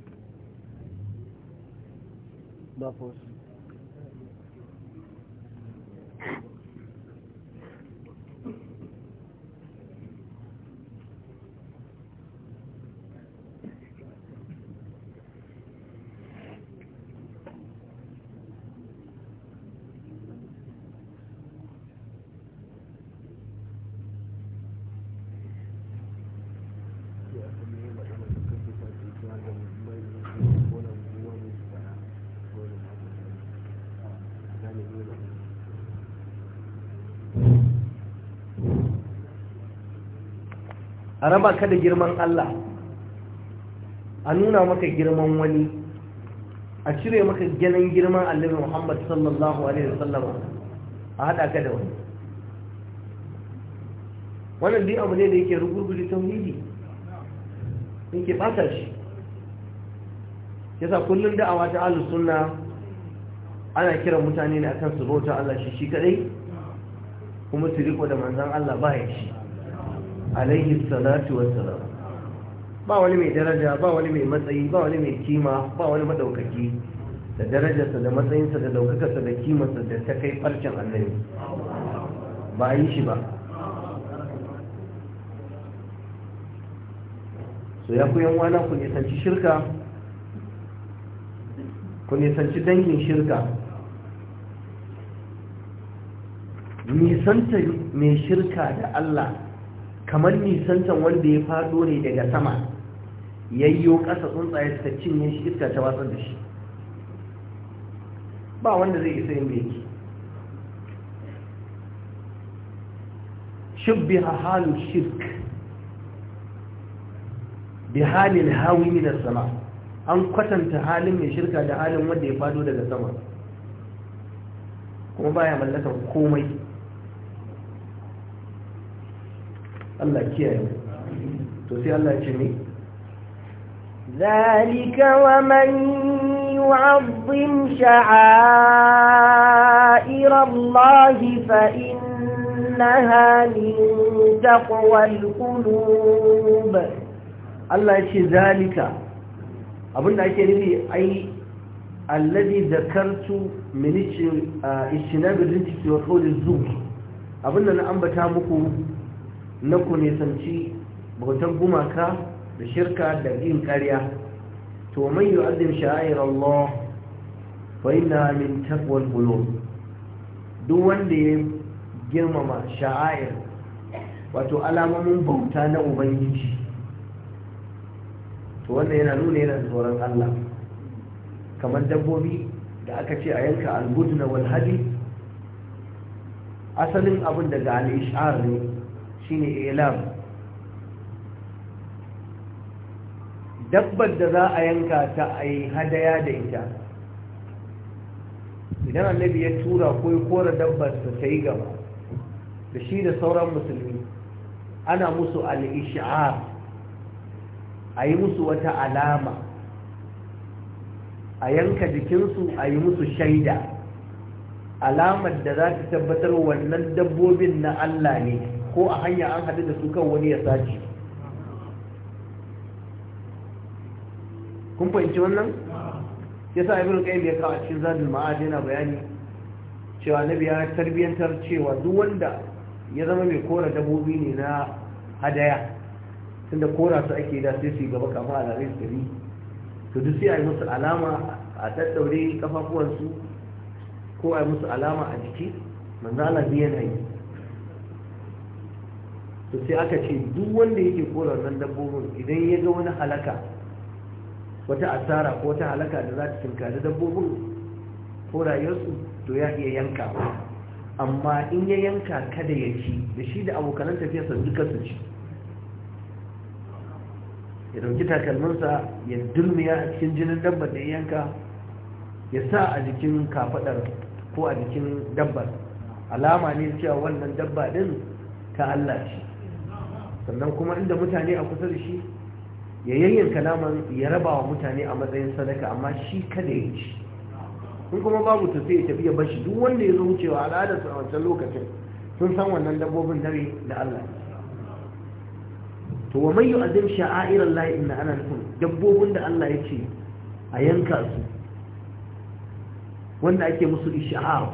a raba ka da girman Allah a nuna maka girman wani a cire maka ganin girman annabi Muhammad sallallahu alaihi wasallam a hada ka da wani wannan biyu abu ne da yake rugurguje tauhidi yake bata shi yasa kullun da'awa ta ahlus sunna ana kiran mutane ne akan su bauta Allah shi shi kadai kuma su riko da manzon Allah ba ya shi alaihi salatu wassalam ba wani mai daraja ba wani mai matsayi ba wani mai kima ba wani madaukaki da darajarsa da matsayinsa da daukakarsa da kimarsa da ta kai farcen annabi ba yi shi ba so ya ku yanwana ku nisanci shirka ku nisanci dangin shirka nisanta mai shirka da Allah kamar nisantan wanda ya faɗo ne daga sama yayyo ƙasa tsuntsaye suka cinye shi iska ta watsar da shi ba wanda zai isa yin yake shubbi a halin shirk bi halin hawi da sama an kwatanta halin mai shirka da halin wanda ya faɗo daga sama kuma baya mallakar komai Allah kiyaye to sai Allah ya ce zalika wa man yu'azzim sha'air Allah fa innaha min taqwal qulub Allah ya ce zalika abinda ake nufi ai alladhi zakartu min ichi na bidin ciki wa qawli zuk abinda na ambata muku na ku nisanci bautan gumaka da shirka da yin ƙarya to man yu'azzim sha'air Allah fa inna min takwal bulo. duk wanda ya girmama sha'ayar, wato alamomin bauta na ubangiji to wannan yana nuna yana tsoron Allah kamar dabbobi da aka ce a yanka al-budna wal hadi asalin abin daga al-ish'ar ne shine ilam dabbar da za a yanka ta a yi hadaya da ita idan annabi ya tura ko ya kora dabbar ta ta yi gaba da shi da sauran musulmi ana musu al'ishar a yi musu wata alama a yanka jikinsu a yi musu shaida alamar da za ta tabbatar wannan dabbobin na Allah ne ko a hanya an haɗu da su kan wani ya sace kun fahimci wannan ya sa ibn qayyim ya kawo a cikin zadul ma'ad yana bayani cewa na biya tarbiyyantar cewa duk wanda ya zama mai kora dabobi ne na hadaya tun da kora su ake da sai su gaba kama a zare su to duk sai a yi musu alama a daddaure kafafuwansu ko a yi musu alama a jiki manzo Allah biyan yi to sai aka ce duk wanda yake kora wannan dabbobin idan ya ga wani halaka wata asara ko wata halaka da za ta tunkari dabbobin ko rayuwarsu to ya iya yanka amma in ya yanka kada ya ci da shi da abokanan tafiyarsa duka su ci ya ɗauki takalminsa ya dulmiya a cikin jinin dabbar da ya yanka ya sa a jikin kafadar ko a jikin dabbar alama ne cewa wannan dabba din ta Allah ce sannan kuma inda mutane a kusa da shi ya yayyanka kalaman ya raba wa mutane a matsayin sadaka amma shi kada ya ci in kuma babu to sai ya bashi duk wanda ya zo wucewa al'adar su a wancan lokacin sun san wannan dabbobin dare da Allah to wa man yu'azzim sha'air Allah inna ana lakum dabbobin da Allah ya ce a yanka su wanda ake musu isha'ar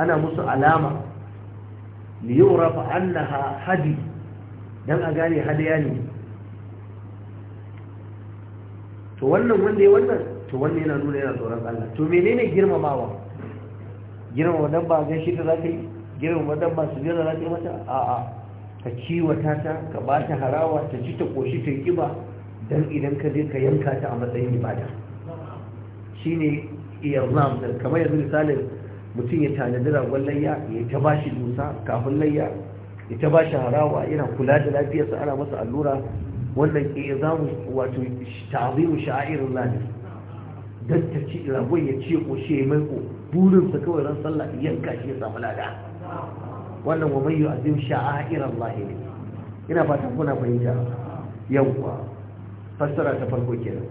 ana musu alama liyurafa annaha hadith don a gane hadaya ne to wannan wanda ya wannan to wanda yana nuna yana tsoron Allah to menene girmamawa girma dan ba gaishe ta za ka yi girma dan ba su jira za ka yi mata a ka kiwata ta ka ba ta harawa ta ci ta koshi ta kiba dan idan ka je ka yanka ta a matsayin ibada shine irzam kamar yanzu misalin mutum ya tanadi ragon layya ya ta bashi dusa kafin layya ita ba shi harawa yana kula da lafiyarsa ana masa allura wannan ke za mu wato ta'zimu sha'irin lahi dan ta ci rago ya ce ko she mai ko burinsa kawai ran sallah yanka shi ya samu lada wannan wa man yu'azzim sha'irin lahi ina fatan kuna fahimta yawwa fassara ta farko kenan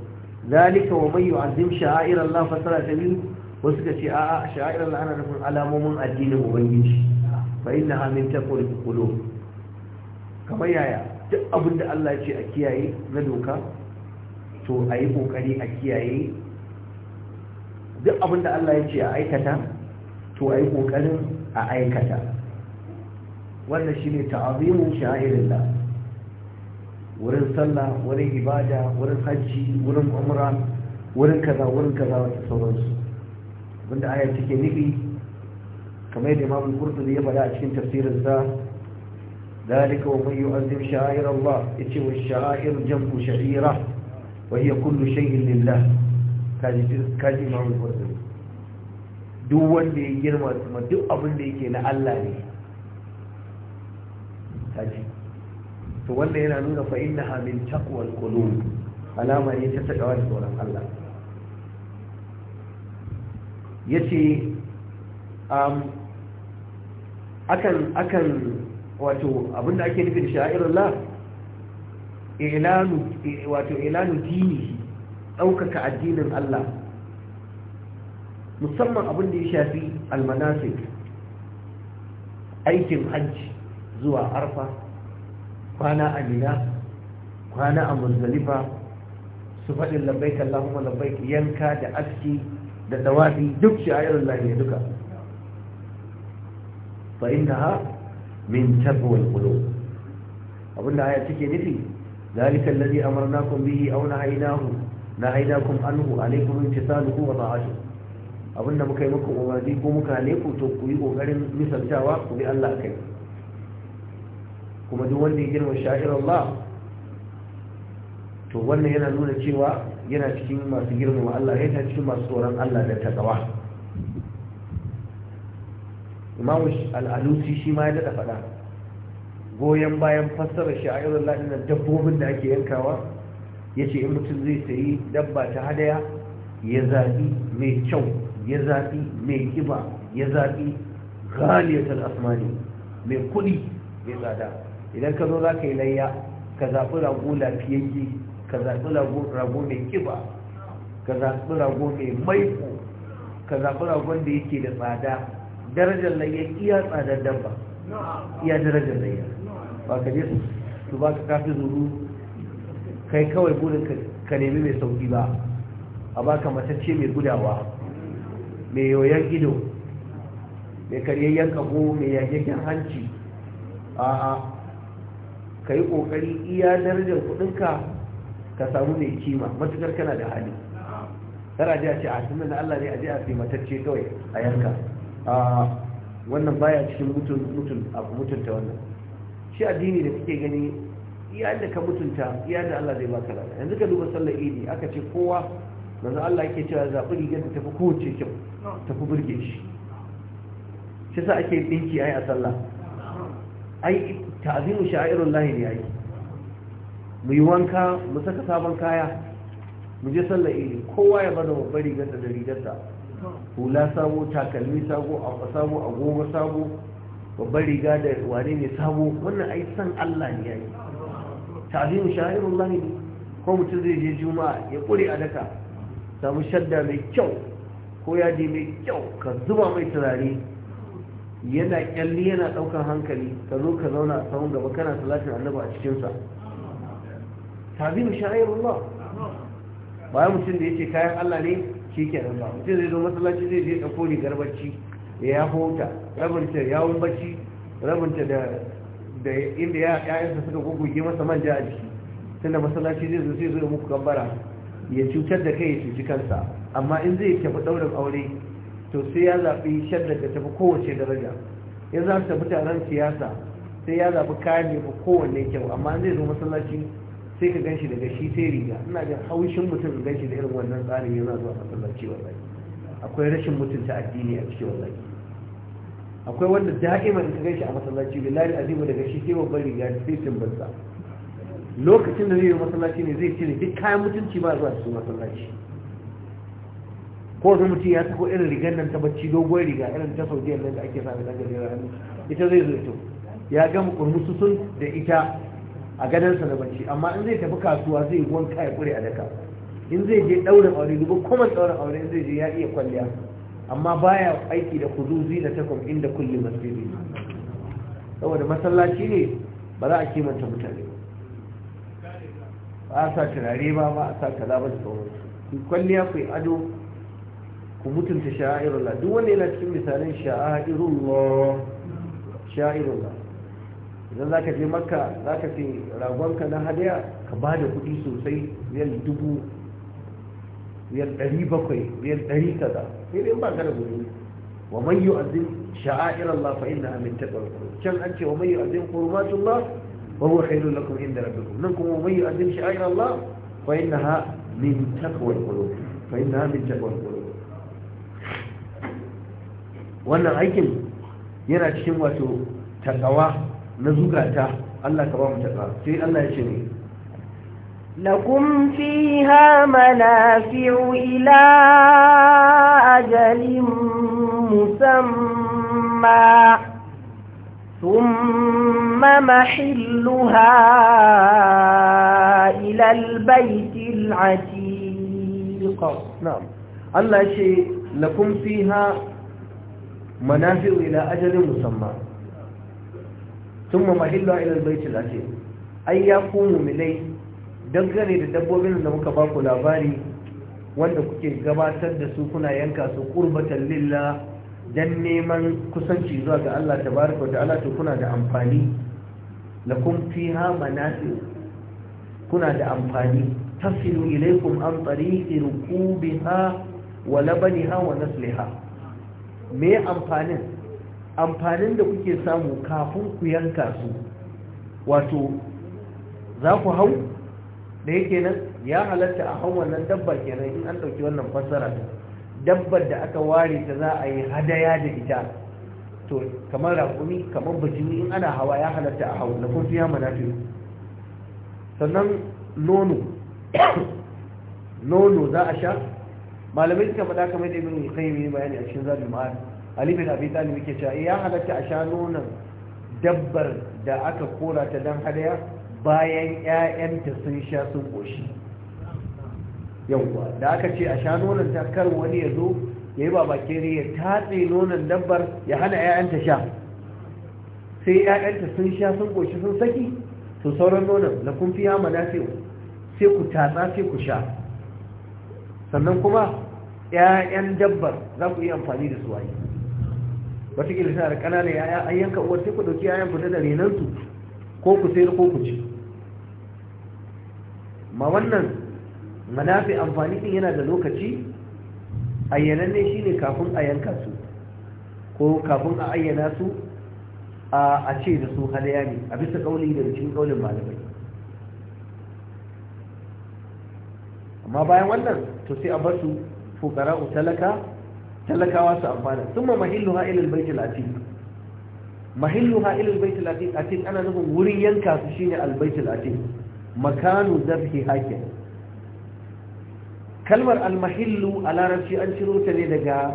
zalika wa man yu'azzim sha'irin lahi fassara ta biyu wasu ka ce a'a sha'irin lahi ana nufin alamomin addinin ubangiji fa innaha min taqwal qulub kamar yaya duk abin da Allah ya a kiyaye na doka to a yi kokari a kiyaye duk abin da Allah ya ce a aikata to a yi kokarin a aikata wannan shine ta'azimu sha'irillah wurin sallah wurin ibada wurin hajji wurin umra wurin kaza wurin kaza wata sauransu Abinda ayar take nufi kamar da imamu qurtubi ya faɗa a cikin tafsirin sa ذلك ومن يعظم شعائر الله يتشو الشعائر جمع شعيرة وهي كل شيء لله كاجي إمام القرطبي duk wanda ya girma kuma duk abin da yake na Allah ne kaji to wanda yana nuna fa innaha min taqwal alama ne ta takawa da tsoron Allah yace um akan akan wato abinda ake nufin sha'irullah ilanu wato ilanu dini ɗaukaka addinin Allah musamman abin da ya shafi almanasik aikin hajji zuwa arfa kwana a mina kwana a muzdalifa su faɗin labbaik Allahumma labbaik yanka da aski da dawafi duk shi'a'irullah ne duka fa innaha min taqwal qulub abinda aya take nufi zalikal ladhi amarnakum bihi aw nahaynahu nahaynakum anhu alaykum imtisaluhu wa ta'atuhu abinda muka yi muku umarni ko muka hale to ku yi kokarin misaltawa ku bi Allah kuma duk wanda ya girma sha'ir Allah to wannan yana nuna cewa yana cikin masu girmama Allah yana cikin masu tsoron Allah da takawa imamu al'alusi shi ma ya daɗa faɗa goyon bayan fassara shi a irin la'inan dabbobin da ake yankawa ya ce in mutum zai sayi dabba ta hadaya ya zaɓi mai kyau ya zaɓi mai ƙiba ya zaɓi ghaliyatul asmani mai kuɗi mai tsada idan ka zo za ka yi layya ka zaɓi rago lafiyayye ka zaɓi rago mai ƙiba ka zaɓi rago mai maiko ka zaɓi ragon da yake da tsada darajar layya iya tsadar dabba iya darajar layya ba ka je su ba ka kafin zuru kai kawai burin ka nemi mai sauki ba a baka matacce mai gudawa mai yoyon ido mai karyayyen kago mai yayyakin hanci a'a ka yi kokari iya darajar kudinka ka samu mai kima matukar kana da hali tara ji a ce a sunan da allah ne a ji a fi matacce kawai a yanka a wannan baya cikin mutun abu mutunta wannan shi addini da kike gani iya da ka mutunta iya da Allah zai baka lada yanzu ka duba sallar idi aka ce kowa manzo Allah yake cewa zabi rigar da tafi kowace kyau tafi burge shi shi sa ake dinki ai a sallah ai ta'zimu sha'irul lahi ne ai mu yi wanka mu saka sabon kaya mu je sallar idi kowa ya bada babbar rigar da rigarsa hula sabo takalmi sabo sabo agogo sabo babbar riga da wane ne sabo wannan ai san Allah ne yayi ta'zimu sha'irullahi ne ko mutum zai je juma'a ya kure a daka samu shadda mai kyau ko yaji mai kyau ka zuba mai turare yana kyalli yana ɗaukar hankali ka zo ka zauna a gaba kana salatin annaba a cikinsa ta'zimu sha'irullahi bayan mutum da ya ce kayan Allah ne shi nan ba mutum zai zo masallaci zai je ɗauko rigar bacci ya hota rabinta yawon bacci rabinta da inda ya'yansa suka guguge masa manja a jiki tunda masallaci zai zo sai zo muku gambara ya cutar da kai ya cuci kansa amma in zai tafi ɗaurin aure to sai ya zaɓi shaddar da tafi kowace daraja in za su tafi taron siyasa sai ya zaɓi kayan da fi kowanne kyau amma in zai zo masallaci sai ka ganshi daga shi sai riga ina jin haushin mutum ganshi da irin wannan tsarin yana zuwa masallaci wallahi akwai rashin mutunta addini a cikin wallahi akwai wanda da'iman ka ganshi a masallaci billahi azim daga shi sai babban riga sai tumbansa lokacin da zai yi masallaci ne zai cire duk kayan mutunci ba zuwa su masallaci ko wani mutum ya sako irin rigar nan ta bacci dogon riga irin ta saudiya nan da ake sami na gajeren ita zai zo ito ya gama kurmusu sun da ita a gadansa na bacci amma in zai tafi kasuwa zai wanka ya kure a daka in zai je daurin aure duba kuma tsaurin aure in zai je ya iya kwalliya amma baya aiki da kuzu zina ta inda kulli masjidi saboda masallaci ne ba za a kimanta mutane ba a sa turare ba ba a sa kaza ba da ku kwalliya ku yi ado ku mutunta sha'irullah duk wanda yana cikin misalin sha'irullah sha'irullah idan za ka je makka za ka fi ragonka na hadiya ka ba da kuɗi sosai riyal dubu riyal ɗari bakwai riyal ɗari kaza sai dai ba ka da kuɗi wa man azin sha'air Allah fa inna ta taqwa can an ce wa man yu'azzim ba wa huwa khairul lakum inda rabbikum nan kuma wa man yu'azzim sha'air Allah fa innaha min ta qulub fa innaha min taqwa qulub wannan aikin yana cikin wato tagawa na zukata Allah ka ba mu taka sai Allah ya ce ne lakum fiha manafi'u ila ajalin musamma ثم محلها إلى البيت العتيق نعم الله شيء لكم فيها منافع إلى أجل مسمى sun ma mahillu a ilal baiti lafiya ai dangane da dabbobin da muka ba ku labari wanda kuke gabatar da su kuna yanka su kurbatan lillah dan neman kusanci zuwa ga Allah tabaraka da to kuna da amfani lakum fiha manasi kuna da amfani tasilu ilaykum an tariqi rukubiha wa labaniha wa nasliha me amfanin amfanin da kuke samu kafin ku yanka su wato za ku hau da yake nan ya halatta a hau wannan dabba kenan in an ɗauki wannan fassara dabbar da aka ware ta za a yi hadaya da ita to kamar raƙumi kamar bajini in ana hawa ya halatta a hau na kun fiya fi sannan nono nono za a sha malamai suka faɗa kamar da ibn qayyim bayani a cikin zabi ma'ad alifin abin abi muke cewa eh, ya halatta a sha dabbar da aka kora ta dan hadaya bayan ƴaƴanta sun sha sun ƙoshi yauwa da aka ce a sha ta kar wani ya zo ya yi babakere ya tatse nonon dabbar ya hana ƴaƴanta sha sai ƴaƴanta sun sha sun ƙoshi sun saki to sauran nonon na kun fiya manafi'u sai ku tatsa sai ku sha sannan kuma ƴaƴan dabbar za ku yi amfani da su wataƙila suna da ƙananan yaya an yanka uwar sai ku ɗauki yayan ku da renansu ko ku sayar ko ku ci ma wannan manafi amfani din yana da lokaci ne shi ne kafin a yanka su ko kafin a ayyana su a ce da su halaya ne a bisa ƙaunin da cikin ƙaunin malamai amma bayan wannan to sai a basu fukara talaka talakawa su amfana sun ma ila al-bayt atiq ana nufin wurin yanka su shine al-bayt al-atiq makanu zabhi hakin kalmar al a larabci an ciro ta ne daga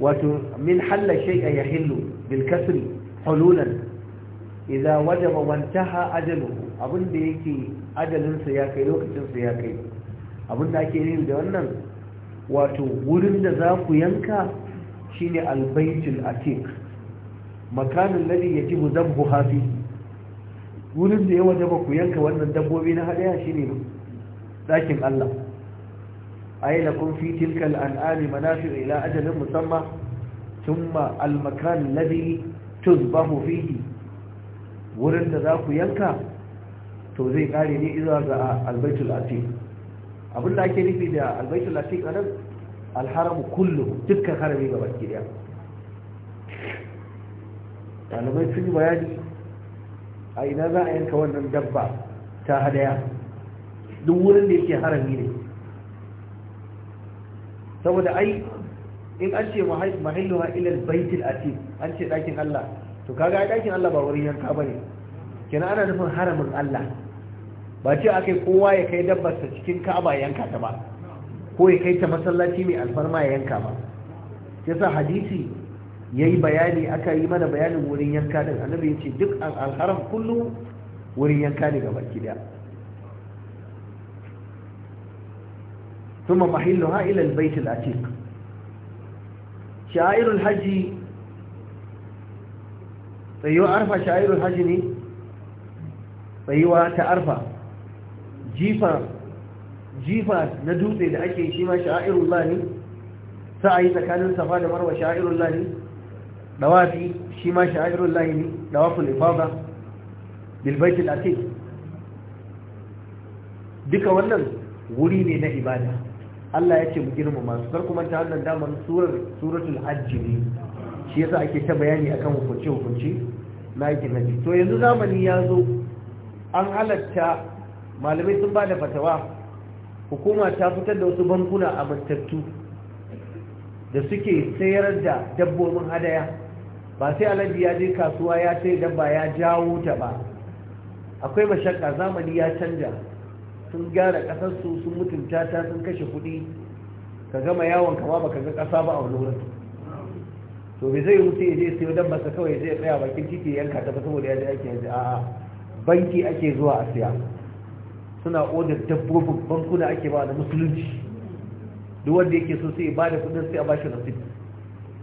wato min halla shay'a yahillu bil kasri hululan idza wajaba wantaha ajaluhu abinda yake ajalinsa ya kai lokacinsa ya kai ake yin da wannan wato wurin da za ku yanka shi shine albaitul atik makanin ladhi yajibu dhabhuha fi wurin da ya wajaba ku yanka wannan dabbobi na hadaya ne dakin Allah kun fi tilka al'anami manafi'u ila ajalin musamma thumma al-makan alladhi tuzbahu fihi wurin da za ku yanka to zai kare ne izuwa ga albaitul atik abin da ake nufi da albaitul atik nan? alharamu kullum dukkan harami ga baki daya ɗalibai sun yi bayani a ina za a yanka wannan dabba ta hadaya duk wurin da yake harami ne saboda ai in an ce mahalluwa ilal baitul atim an ce ɗakin Allah to kaga ai ɗakin Allah ba wurin yanka bane kenan ana nufin haramin Allah ba ce a kai kowa ya kai dabbar sa cikin Ka'aba yanka ta ba ko ya kai ta masallaci mai alfarma ya yanka ba Ya sa hadisi ya yi bayani aka yi mana bayanin wurin yanka din annabi ce duk alharam kullum wurin yanka ne ga baki daya ثم محلها إلى البيت العتيق شعائر الحج tsayuwa arfa sha'irul Haji ne tsayuwa ta arfa jifa. jifa na dutse da ake shi ma sha'irullah a yi tsakanin safa da marwa sha'irullah ne dawafi shi ma sha'irullah ne dawaful ifada bil baitul duka wannan wuri ne na ibada Allah ya ce mu girmama su kar kuma ta hannun damar surar suratul hajji ne shi yasa ake ta bayani akan hukunci hukunci na aikin hajji to yanzu zamani ya zo an halatta malamai sun ba da fatawa hukuma ta fitar da wasu bankuna a matattu da suke sayar da dabbobin hadaya ba sai alabi ya je kasuwa ya sai dabba ya jawo ta ba akwai mashakka zamani ya canja sun gyara kasarsu sun mutunta ta sun kashe kuɗi ka gama yawon kama baka ga kasa ba a wani wurin to bai zai wuce ya je sayo dabba ta kawai zai tsaya bakin titi yanka ta ba saboda ya je ake yanzu a'a banki ake zuwa a siya suna odar dabbobin bankuna ake ba da musulunci duk wanda yake so sai ba da kudin sai a bashi rasid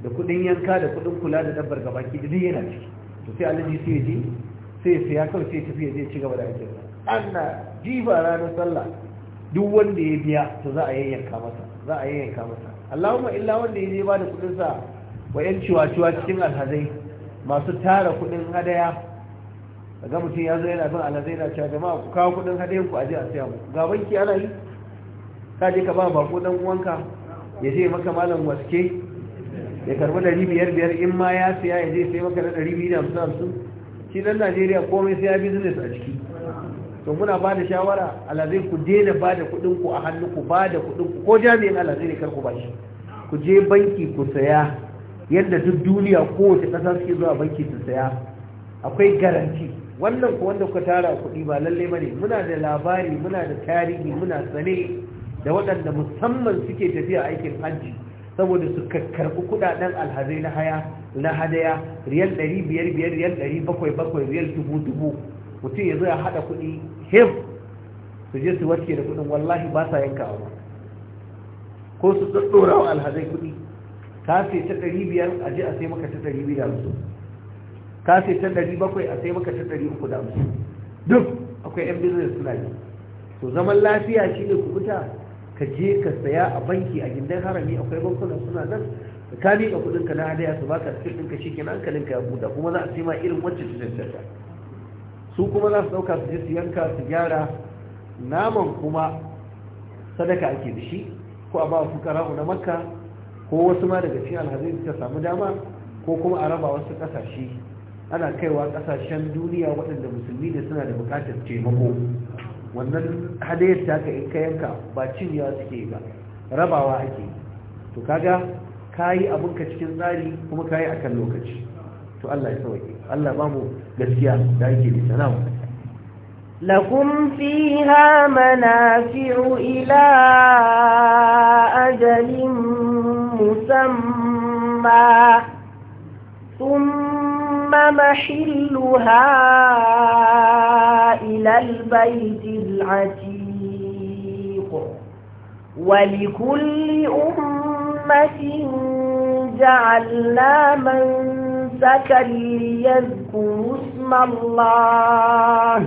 da kudin yanka da kudin kula da dabbar gabaki da yana ciki to sai alaji sai ya je sai ya saya kawai sai ya tafi ya je ci gaba da aikin ana jiba ranar sallah duk wanda ya biya to za a yayyanka masa za a yayyanka masa Allahumma illa wanda ya je ba da kudin sa wa yan ciwa ciwa cikin alhazai masu tara kudin hadaya ga mutum ya zo yana bin alazai na cewa jama'a ku kawo kudin haɗe ku aje a siya mu ga banki ana yi ka je ka ba bako dan uwanka ya je maka malam waske ya karɓi dari biyar biyar in ma ya siya ya je sai maka na dari biyu da hamsin hamsin shi dan najeriya komai sai ya business a ciki to muna ba da shawara alazai ku daina ba da kudin ku a hannu ku ba da kudin ku ko jami'in alazai ne kar ku ba shi ku je banki ku saya yadda duk duniya kowace ƙasa suke zuwa banki su saya akwai garanti wannan ku wanda kuka tara kuɗi ba lalle bane muna da labari muna da tarihi muna sane da waɗanda musamman suke tafiya aikin hajji saboda su karɓi kuɗaɗen alhazai na haya na hadaya riyal ɗari biyar biyar riyal bakwai riyal dubu mutum ya zo ya haɗa kuɗi him su je su wacce da kuɗin wallahi ba sa yanka ba ko su tsotsora wa alhazai kuɗi ka ce ta biyar a je a sai maka ta su ka sai ta ɗari bakwai a sai maka ta ɗari uku da amsu duk akwai yan business suna yi to zaman lafiya shi ne ku fita ka je ka saya a banki a gindin harami akwai bankuna suna nan ka miƙa kuɗin ka na hadaya su baka cikin ɗinka shi kenan ka ya buɗa kuma za a sai ma irin wacce su cancanta su kuma za su ɗauka su je su yanka su gyara naman kuma sadaka ake da shi ko a ba su kara'u na makka ko wasu ma daga cikin alhazai suka samu dama ko kuma a raba wasu ƙasashe ana kaiwa kasashen duniya waɗanda musulmi ne suna da bukatar taimako wannan hadayar ta ka in ka yanka ba cinyewa suke ba rabawa ake to kaga kayi abinka cikin tsari kuma kayi akan lokaci to Allah ya sauke Allah ba mu gaskiya da ake da sana'a lakum fiha manafi'u ila ajalin musamma ثم ثم محلها إلى البيت العتيق ولكل أمة جعلنا منسكا ليذكروا اسم الله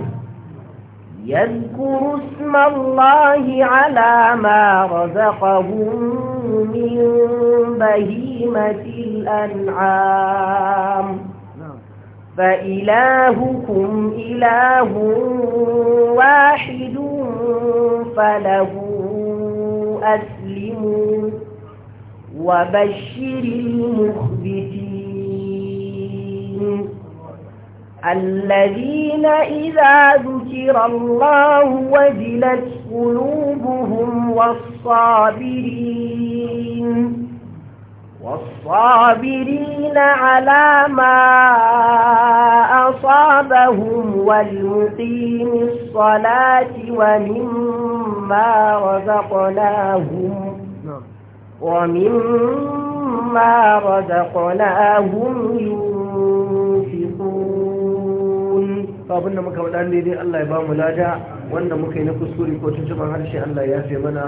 يذكر اسم الله على ما رزقهم من بهيمة الأنعام فإلهكم إله واحد فله أسلموا وبشر المخبتين الذين إذا ذكر الله وجلت قلوبهم والصابرين والصابرين على ما أصابهم والمقيم الصلاة ومما رزقناهم ومما رزقناهم ينفقون فأبنا مكبتان دي الله يبام لاجع وأن مكينة كسوري كوتنجم عن شيء الله يهفي منا